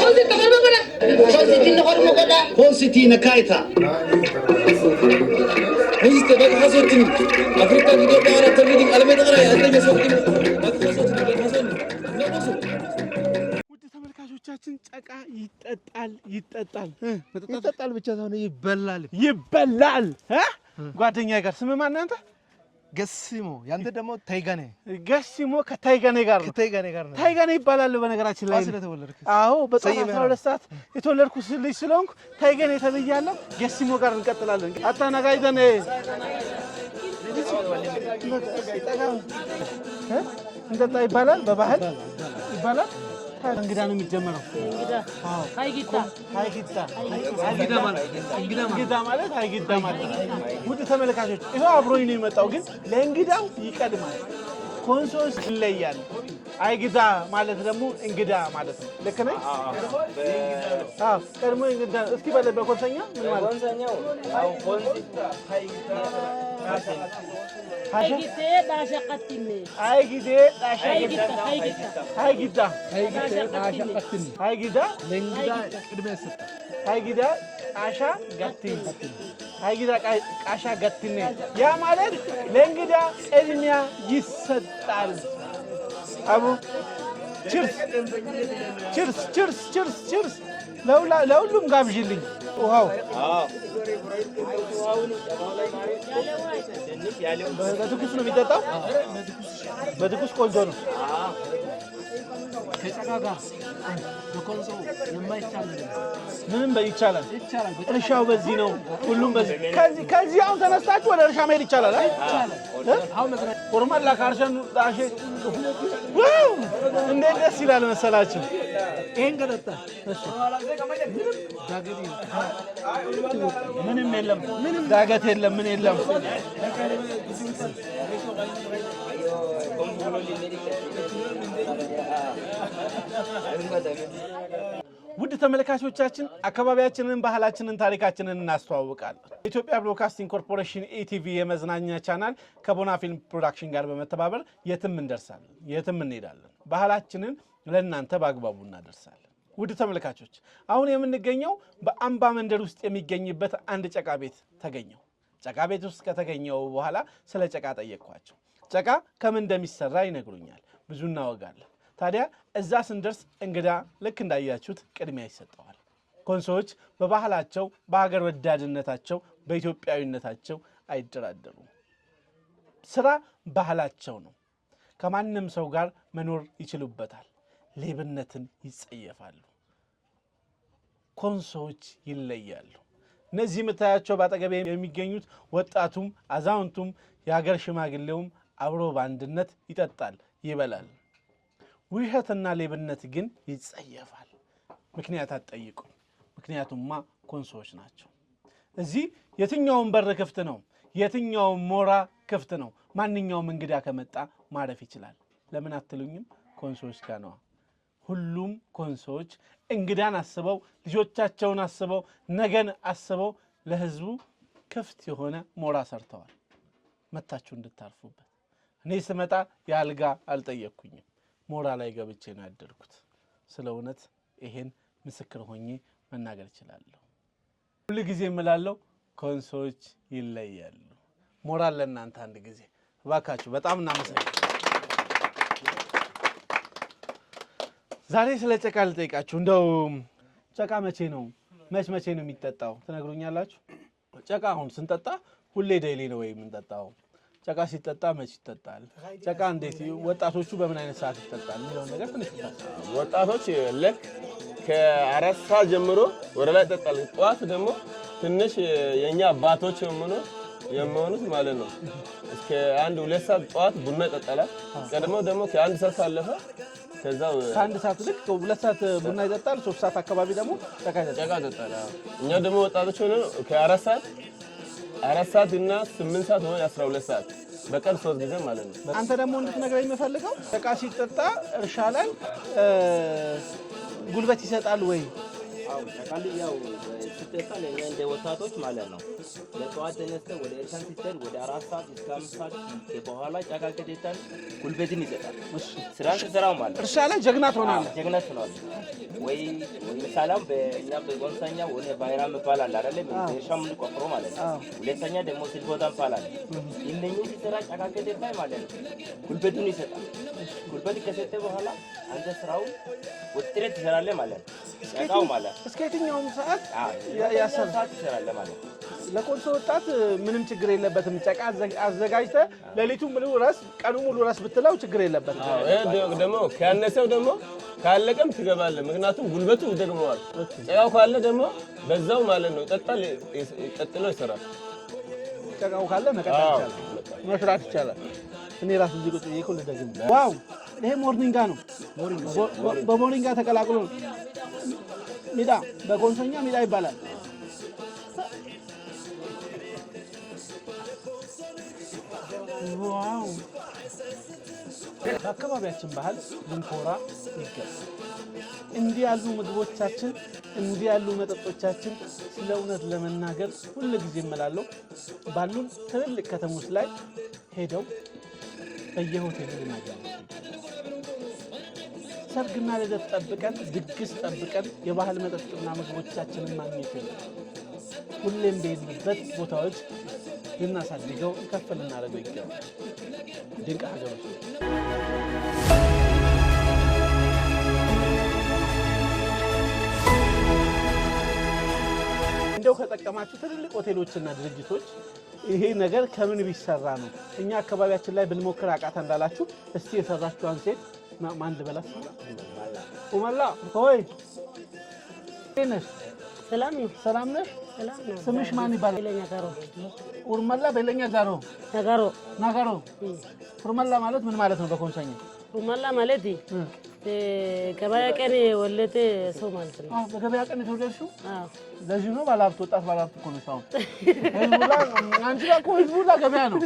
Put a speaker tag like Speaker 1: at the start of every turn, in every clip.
Speaker 1: ውድ ተመልካቾቻችን
Speaker 2: ጨቃ ይጠጣል ይጠጣል ይጠጣል ብቻ ሳይሆን ይበላል ይበላል። ጓደኛ ጋር ስም ማን አንተ? ገሲሞ ያንተ ደግሞ ታይጋኔ ገሲሞ ከታይጋኔ ጋር ነው። ከታይጋኔ ጋር ነው። ታይጋኔ ይባላል። በነገራችን ላይ ስለተወለድክ? አዎ፣ በጣም አስራ ሰዓት የተወለድኩ ልጅ ስለሆንኩ ታይጋኔ ተብያለሁ። ገሲሞ ጋር እንቀጥላለን። አታነጋይዘን እንጠጣ ይባላል። በባህል ይባላል እንግዳ ነው የሚጀመረው። እንግዳ ማለት ውድ ተመልካቾች ይኸው አብሮኝ ነው የመጣው፣ ግን ለእንግዳው ይቀድማል። ኮንሶስ ይለያል። አይግዛ ማለት ደግሞ እንግዳ ማለት ነው። ልክ ነኝ? ቀድሞ እንግዳ እስኪ በለ በኮንሰኛ
Speaker 3: ምን ማለት
Speaker 4: አይጊዜ ዳሻ
Speaker 2: ከጊዛ ቃሻ ገትነ ያ ማለት ለእንግዳ ቅድሚያ ይሰጣል። አቡ ችርስ ችርስ ችርስ ችርስ ችርስ ለሁሉም ጋብዥልኝ። ውሃው በትኩስ ነው የሚጠጣው። በትኩስ ቆንጆ ነው።
Speaker 5: ጋር በኮንሶ የማይቻል
Speaker 2: ምንም ይቻላል። እርሻው በዚህ ነው፣ ሁሉም በዚህ ከዚህ ከዚህ አሁን ተነስታችሁ ወደ እርሻ መሄድ ይቻላል። ኦሮማላ ካርሸን ዳሽ እንዴት ደስ ይላል መሰላችሁ። ይሄን ገጠጣ ምንም የለም፣ ዳገት የለም፣ ምን የለም። ውድ ተመልካቾቻችን አካባቢያችንን፣ ባህላችንን፣ ታሪካችንን እናስተዋውቃለን። ኢትዮጵያ ብሮድካስቲንግ ኮርፖሬሽን ኢቲቪ የመዝናኛ ቻናል ከቦና ፊልም ፕሮዳክሽን ጋር በመተባበር የትም እንደርሳለን፣ የትም እንሄዳለን። ባህላችንን ለእናንተ በአግባቡ እናደርሳለን። ውድ ተመልካቾች አሁን የምንገኘው በአምባ መንደር ውስጥ የሚገኝበት አንድ ጨቃ ቤት ተገኘው። ጨቃ ቤት ውስጥ ከተገኘው በኋላ ስለ ጨቃ ጠየቅኳቸው። ጨቃ ከምን እንደሚሰራ ይነግሩኛል። ብዙ እናወጋለን። ታዲያ እዛ ስንደርስ እንግዳ ልክ እንዳያችሁት ቅድሚያ ይሰጠዋል። ኮንሶዎች በባህላቸው በሀገር ወዳድነታቸው በኢትዮጵያዊነታቸው አይደራደሩም። ስራ ባህላቸው ነው። ከማንም ሰው ጋር መኖር ይችሉበታል። ሌብነትን ይጸየፋሉ። ኮንሶዎች ይለያሉ። እነዚህ የምታያቸው በአጠገቤ የሚገኙት ወጣቱም አዛውንቱም የሀገር ሽማግሌውም አብሮ በአንድነት ይጠጣል፣ ይበላል። ውሸትና ሌብነት ግን ይጸየፋል። ምክንያት አትጠይቁም፣ ምክንያቱማ ኮንሶዎች ናቸው። እዚህ የትኛውን በር ክፍት ነው፣ የትኛውን ሞራ ክፍት ነው። ማንኛውም እንግዳ ከመጣ ማረፍ ይችላል። ለምን አትሉኝም? ኮንሶዎች ጋር ነዋ። ሁሉም ኮንሶዎች እንግዳን አስበው ልጆቻቸውን አስበው ነገን አስበው ለህዝቡ ክፍት የሆነ ሞራ ሰርተዋል። መታችሁ እንድታርፉበት። እኔ ስመጣ የአልጋ አልጠየቅኩኝም። ሞራ ላይ ገብቼ ነው ያደርኩት። ስለ እውነት ይሄን ምስክር ሆኜ መናገር እችላለሁ። ሁል ጊዜ የምላለው ኮንሶዎች ይለያሉ። ሞራል ለእናንተ አንድ ጊዜ እባካችሁ። በጣም እናመሰግን። ዛሬ ስለ ጨቃ ልጠይቃችሁ። እንደው ጨቃ መቼ ነው መች መቼ ነው የሚጠጣው ትነግሩኛላችሁ? ጨቃ አሁን ስንጠጣ ሁሌ ደሌ ነው ወይ የምንጠጣው? ጨቃ ሲጠጣ መች ይጠጣል? ጨቃ እንዴት ወጣቶቹ በምን አይነት ሰዓት ይጠጣል የሚለውን ነገር ትንሽ
Speaker 6: ወጣቶች ልክ ከአራት ሰዓት ጀምሮ ወደ ላይ ይጠጣል። ጠዋት ደግሞ ትንሽ የእኛ አባቶች የምኖ የመሆኑት ማለት ነው እስከ አንድ ሁለት ሰዓት ጠዋት ቡና ይጠጣላል። ቀድሞ ደግሞ ከአንድ ሰዓት ሳለፈ ከዛ
Speaker 2: ከአንድ ሰዓት ልክ ሁለት ሰዓት ቡና ይጠጣል። ሶስት ሰዓት አካባቢ ደግሞ ጨቃ
Speaker 6: ይጠጣል። እኛ ደግሞ ወጣቶች ሆነ ከአራት ሰዓት አራት ሰዓት እና ስምንት ሰዓት ሆነ አስራ ሁለት ሰዓት በቀን ሶስት ጊዜ ማለት ነው።
Speaker 2: አንተ ደግሞ እንድትነግረኝ የምፈልገው እቃ ሲጠጣ እርሻ ላይ ጉልበት ይሰጣል ወይ?
Speaker 7: ስትጠጣ እንደ ወጣቶች ማለት ነው። ለጠዋት ተነስተን ወደ እርሻን ሲሄድ ወደ አራት ሰዓት እስከ አምስት ሰዓት በኋላ ጫካ ከደታን ጉልበትን ይሰጣል። ስራ ትሰራው ማለት
Speaker 2: እርሻ ላይ ጀግና ትሆናለህ።
Speaker 7: ጀግና ትሆናለህ ወይ ምሳሌም በእኛ በጎንሳኛ ወደ ባይራ መባል አለ አይደለ? እርሻ ምን ቆፍሮ ማለት ነው። ሁለተኛ ደግሞ ስልቦታ ይባላል። እነኚ ሲሰራ ጫካ ከደታይ ማለት ነው። ጉልበቱን ይሰጣል። ጉልበት ከሰጠ በኋላ አንተ ስራው ወጥረት ትሰራለህ ማለት ነው። ጫካው ማለት እስከ የትኛውም ሰዓት ያሰብሳት
Speaker 2: ወጣት ምንም ችግር የለበትም። ጨቃ አዘጋጅተ ሌሊቱ ሙሉ ራስ ቀኑ ሙሉ ረስ ብትለው ችግር የለበትም።
Speaker 6: ደግሞ ከያነሰው ደግሞ ካለቀም ትገባለህ። ምክንያቱም ጉልበቱ ደግመዋል። ጨቃው ካለ ደግሞ በዛው ማለት ነው ይጠጣል፣ ቀጥሎ ይሰራል።
Speaker 2: ጨቃው ካለ መስራት ይቻላል። እኔ ራሱ እዚህ ቁጭ ብዬ እኮ ዋው ይሄ ሞሪንጋ ነው፣ በሞሪንጋ ተቀላቅሎ ነው ሚዳ በኮንሶኛ ሚጣ ይባላል። ዋው! በአካባቢያችን ባህል ልንኮራ ይገባል። እንዲህ ያሉ ምግቦቻችን፣ እንዲህ ያሉ መጠጦቻችን ስለ እውነት ለመናገር ሁል ጊዜ እመላለሁ ባሉን ትልልቅ ከተሞች ላይ ሄደው በየሆቴሉ ልናገ ሰርግና ልደት ጠብቀን ድግስ ጠብቀን የባህል መጠጥና ምግቦቻችንን ማግኘት ሁሌም በሄድንበት ቦታዎች ልናሳድገው ከፍ ልናደርገው ይገባል። ድንቅ ሀገሮች እንደው ከጠቀማችሁ ትልልቅ ሆቴሎችና ድርጅቶች ይሄ ነገር ከምን ቢሰራ ነው እኛ አካባቢያችን ላይ ብንሞክር አቃታ እንዳላችሁ እስቲ የሰራችኋን ሴት ማን ልበላት? ኡመላ ሆይ ነሽ? ሰላም ነው። ሰላም ነሽ? ስምሽ ማን ይባላል? ኡርመላ በለኛ ጋሮ ነጋሮ ነጋሮ። ኡርመላ ማለት ምን ማለት ነው በኮንሶኛ?
Speaker 8: ኡርመላ ማለት ገበያ ቀን የወለደ ሰው ማለት ነው።
Speaker 2: በገበያ ቀን የተወለድሽው ለዚህ ነው። ባለሀብት ወጣት ባለሀብት እኮ ነሽ። አሁን አንቺ ጋር እኮ ህዝቡ ገበያ ነው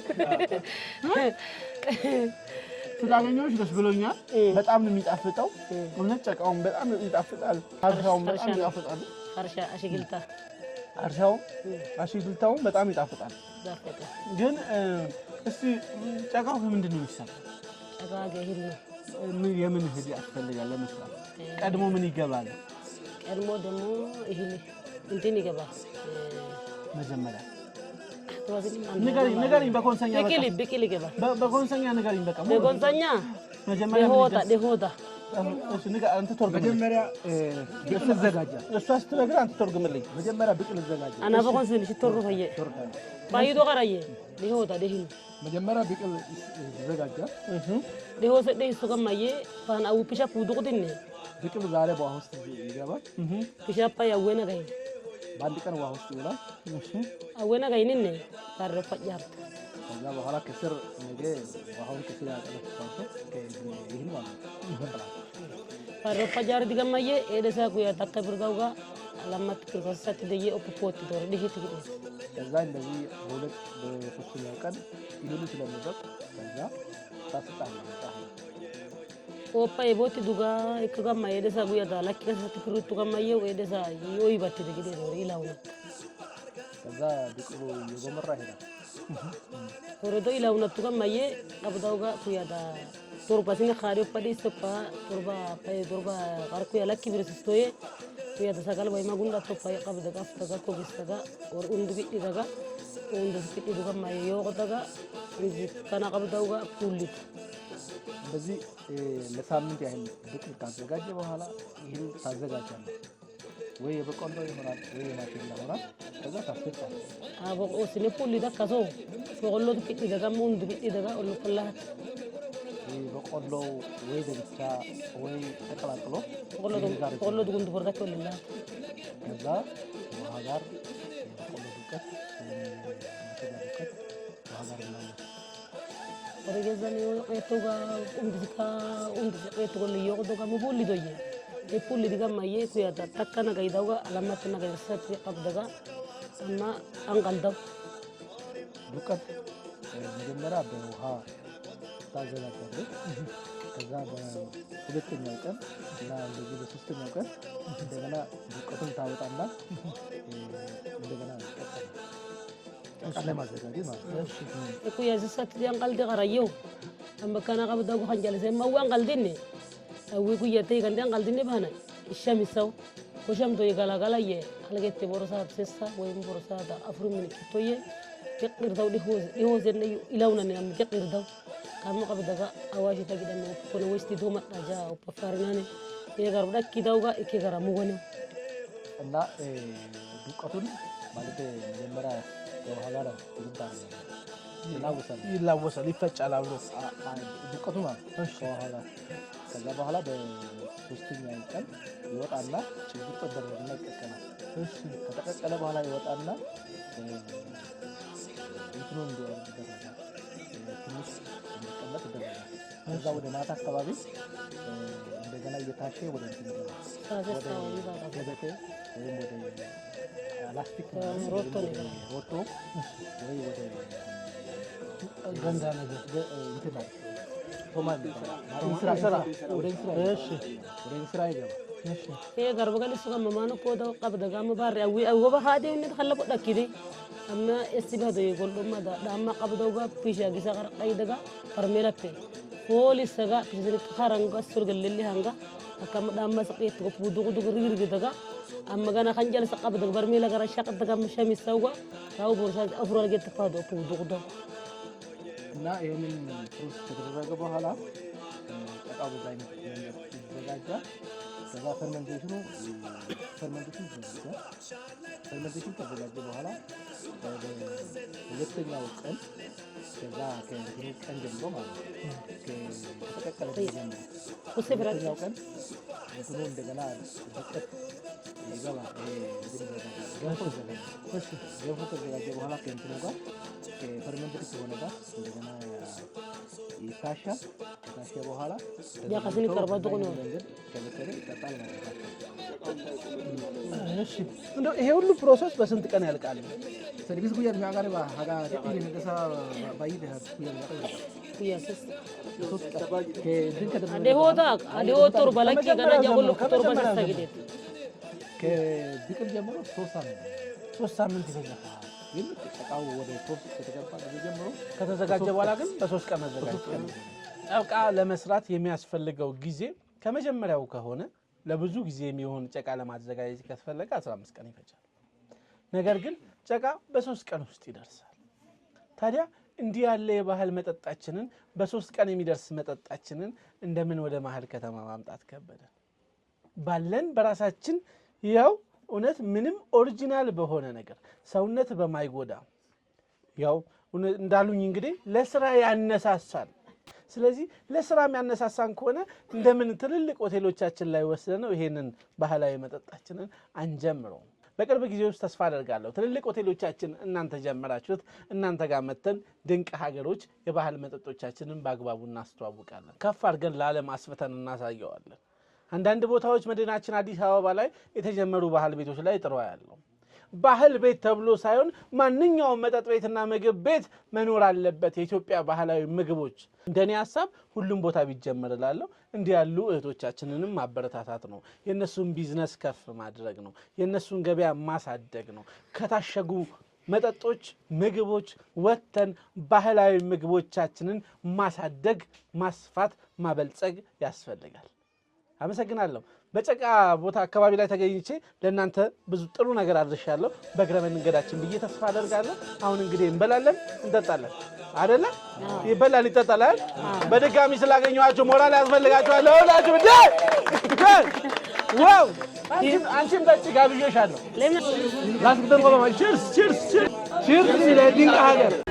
Speaker 2: ስላገኘሁሽ ደስ ብሎኛል። በጣም ነው የሚጣፍጠው። እውነት ጨቃውን በጣም ይጣፍጣል። ሀርሻውን በጣም ይጣፍጣል። ሀርሻው አሽግልታውን በጣም ይጣፍጣል። ግን እስቲ ጨቃው ከምንድን ነው የሚሰራው? የምን እህል ያስፈልጋል? ለመስራት ቀድሞ ምን ይገባል?
Speaker 8: ቀድሞ ደግሞ ይህ እንትን ይገባል
Speaker 2: መጀመሪያ ንገሪኝ በኮንሰኛ ብቅል ይገባል። በኮንሰኛ ንገሪኝ። በቃ
Speaker 8: በኮንሰኛ መጀመሪያ
Speaker 2: እሷ ስትነግር አንተ ተርጉምልኝ። መጀመሪያ ብቅል ይዘጋጃል።
Speaker 8: አና በኮንሰኝ ሽቶሩ ፈየ ባይዶ ቀራየ ሊሆታ ደህን
Speaker 2: መጀመሪያ ብቅል ይዘጋጃል።
Speaker 8: ሊሆሰ ደይ ሱገማየ ፋን አው ፒሻፕ ዱቁድን
Speaker 2: ብቅል ዛሬ በኋላ ውስጥ ይገባል።
Speaker 8: ፒሻፓ ያወነ ጋይ
Speaker 2: በአንድ ቀን ውሃ ውስጥ ይውላል።
Speaker 8: አወና ጋይንን ታረፈ
Speaker 2: ከዛ በኋላ ክስር ነገ ውሃውን ክስር ያጠለፍባቶ ይህን ማለት
Speaker 8: ታረፈ ጃር ዲገማየ ኤደሳ ጉያ ታከ ብርጋው ጋ ለማት ደየ ኦፖፖት ዶር ዲህ ትግሩ
Speaker 2: ከዛ እንደዚህ በሁለት በሶስተኛ ቀን ይሁሉ ስለምዘቅ ከዛ ታስጣ
Speaker 8: oppa eboti duga ikagama edesa guyada lakki kasa tikuru tukama iyo edesa iyo ibatide gidero ila unat
Speaker 2: kaza dikuru yogo marra heda
Speaker 8: koredo ila unat tukama ye abdauga kuyada torba singa khari oppa disa pa torba pa torba gar kuya laki lakki birsistoye kuyada sagal bayma gunda toppa qabda gaftaga kogistaga or undu bididaga undu bididuga mayo yogodaga kana qabdauga kulit
Speaker 2: ስለዚህ ለሳምንት ያህል ብቅል ካዘጋጀ በኋላ ይህን ታዘጋጃለ ወይ የበቆሎ ይሆናል ወይ የማሽላ ይሆናል። ከዛ ታስፈጫል
Speaker 8: አቦቆ ስኒፉል ይደካሶ በቆሎ ጥቂት ይደጋሙ እንድብጥ ይደጋ ኦልኩላ
Speaker 2: በቆሎ ወይ ደብቻ ወይ ተቀላቅሎ
Speaker 8: በቆሎ ድጉንድ ቦርዳቸ ልላ
Speaker 2: ከዛ ውሃ ጋር የበቆሎ ዱቀት ወይም ዱቀት ውሃ ጋር ይላለ
Speaker 8: Oregezani etuga umdika umdika etuga liyogo doga mubuli doye. Epuli diga maye kuyata takka na gaida uga alamat na gaida sati abdaga ama angal dab.
Speaker 2: Dukat መጀመሪያ በውሃ ታዘጋጃለች። ከዛ በሁለተኛው ቀን እና እንደዚህ በሶስተኛው ቀን እንደገና ዱቀቱን ታወጣና
Speaker 8: ikuyaasi sattidian kaldi karayeu ambakana kabda guhanjalisen mawan kaldini awi kuyatai kandian kaldini bana ishamisaw kushamtoye galagalaye halgette borosaat sessa woyim borosaata afurumini kittoye keqirdaw dhihoosenne ilawnani nam keqirdaw kama kabdaga awashi tagidame kone westido madhaja uppafarinane egaru dhakkidawga ikegara mugonem
Speaker 2: እና ዱቀቱን ማለት መጀመሪያ ይላወሳል፣ ይፈጫል አብሮ ድቀቱ ማለት ከኋላ። ከዛ በኋላ በሶስተኛ ቀን ይወጣና ችግር ተደረግና ይቀቀላል። ከተቀቀለ በኋላ ይወጣና እንትኑ እንዲወርድ ትንሽ እንዲቀመጥ ይደረጋል። ከዛ ወደ ማታ አካባቢ እንደገና እየታሸ ወደ ገበቴ ወይም ወደ ላስቲክ ወጥቶ ወይ ወደ ገንዳ ነገር ይገባል።
Speaker 8: هي قرب قال السوق ما مانو كودا قبضة قام بار أوي أو بها هذه إن تخلى بدك كذي أما استبه ده يقول لهم هذا ده أما قبضة وقا بيشا جيسا قرق أي دقا فرميرا بي فول السقا تجزيك خارنغا السرق اللي هنغا أكمل أما سقيت قف ودق دق رير جدك أما أنا خنجر سقاب دق برمي لك رشاق دق مشام يسوى أو بورس أفرال جت فادو قف ودق دق
Speaker 2: لا يعني الفلوس تقدر تجيبها هلا أبو زين الزجاجة ከዛ ፈርመንቴሽኑ ፈርመንቴሽን ተዘጋጀ። ፈርመንቴሽን ከተዘጋጀ هلا ሁለተኛው ቀን ከዛ ከዚህ ቀን ጀምሮ ማለት ነው ከተቀቀለ ጀምሮ ሁለተኛው ቀን እንትኑ እንደገና በቀት ገንፎ ይዘጋጃል። በኋላ ከእንትኑ ጋር ከፈርመንትድ ከሆነ ጋር እንደገና ይታሻል። ከታሸ በኋላ
Speaker 8: ያ ከስኒ ቀርባ ጥቁ ነው
Speaker 2: ይጠጣል ማለት ነው እንደው ይሄ ሁሉ ፕሮሰስ በስንት ቀን ያልቃል? ከብቅል ሳምንት ከተዘጋጀ በኋላ ግን በሶስት ቀን ለመስራት የሚያስፈልገው ጊዜ ከመጀመሪያው ከሆነ ለብዙ ጊዜ የሚሆን ጨቃ ለማዘጋጀት ከተፈለገ 15 ቀን ይፈጃል። ነገር ግን ጨቃ በሶስት ቀን ውስጥ ይደርሳል። ታዲያ እንዲህ ያለ የባህል መጠጣችንን በሶስት ቀን የሚደርስ መጠጣችንን እንደምን ወደ መሀል ከተማ ማምጣት ከበደን? ባለን በራሳችን ያው እውነት ምንም ኦሪጂናል በሆነ ነገር ሰውነት በማይጎዳ ያው እንዳሉኝ እንግዲህ ለስራ ያነሳሳል። ስለዚህ ለስራ የሚያነሳሳን ከሆነ እንደምን ትልልቅ ሆቴሎቻችን ላይ ወስደነው ይሄንን ባህላዊ መጠጣችንን አንጀምረው። በቅርብ ጊዜ ውስጥ ተስፋ አደርጋለሁ ትልልቅ ሆቴሎቻችን እናንተ ጀመራችሁት፣ እናንተ ጋር መተን ድንቅ ሀገሮች የባህል መጠጦቻችንን በአግባቡ እናስተዋውቃለን። ከፍ አድርገን ለዓለም አስፍተን እናሳየዋለን። አንዳንድ ቦታዎች መዲናችን አዲስ አበባ ላይ የተጀመሩ ባህል ቤቶች ላይ ጥሯ ያለው ባህል ቤት ተብሎ ሳይሆን ማንኛውም መጠጥ ቤትና ምግብ ቤት መኖር አለበት። የኢትዮጵያ ባህላዊ ምግቦች እንደኔ ሀሳብ ሁሉም ቦታ ቢጀመር እላለሁ። እንዲህ ያሉ እህቶቻችንንም ማበረታታት ነው። የእነሱን ቢዝነስ ከፍ ማድረግ ነው። የእነሱን ገበያ ማሳደግ ነው። ከታሸጉ መጠጦች፣ ምግቦች ወጥተን ባህላዊ ምግቦቻችንን ማሳደግ፣ ማስፋት፣ ማበልጸግ ያስፈልጋል። አመሰግናለሁ። በጨቃ ቦታ አካባቢ ላይ ተገኝቼ ለእናንተ ብዙ ጥሩ ነገር አድርሻለሁ በእግረ መንገዳችን ብዬ ተስፋ አደርጋለሁ። አሁን እንግዲህ እንበላለን፣ እንጠጣለን አደለ? ይበላል፣ ይጠጣላል። በድጋሚ ስላገኘኋችሁ ሞራል ያስፈልጋችኋለሁ ሁላችሁ። ዋው! አንቺም ጠጪ፣ ጋብዤሻለሁ። ላስግደን። ቺርስ ቺርስ ቺርስ! ለድንቅ ሀገር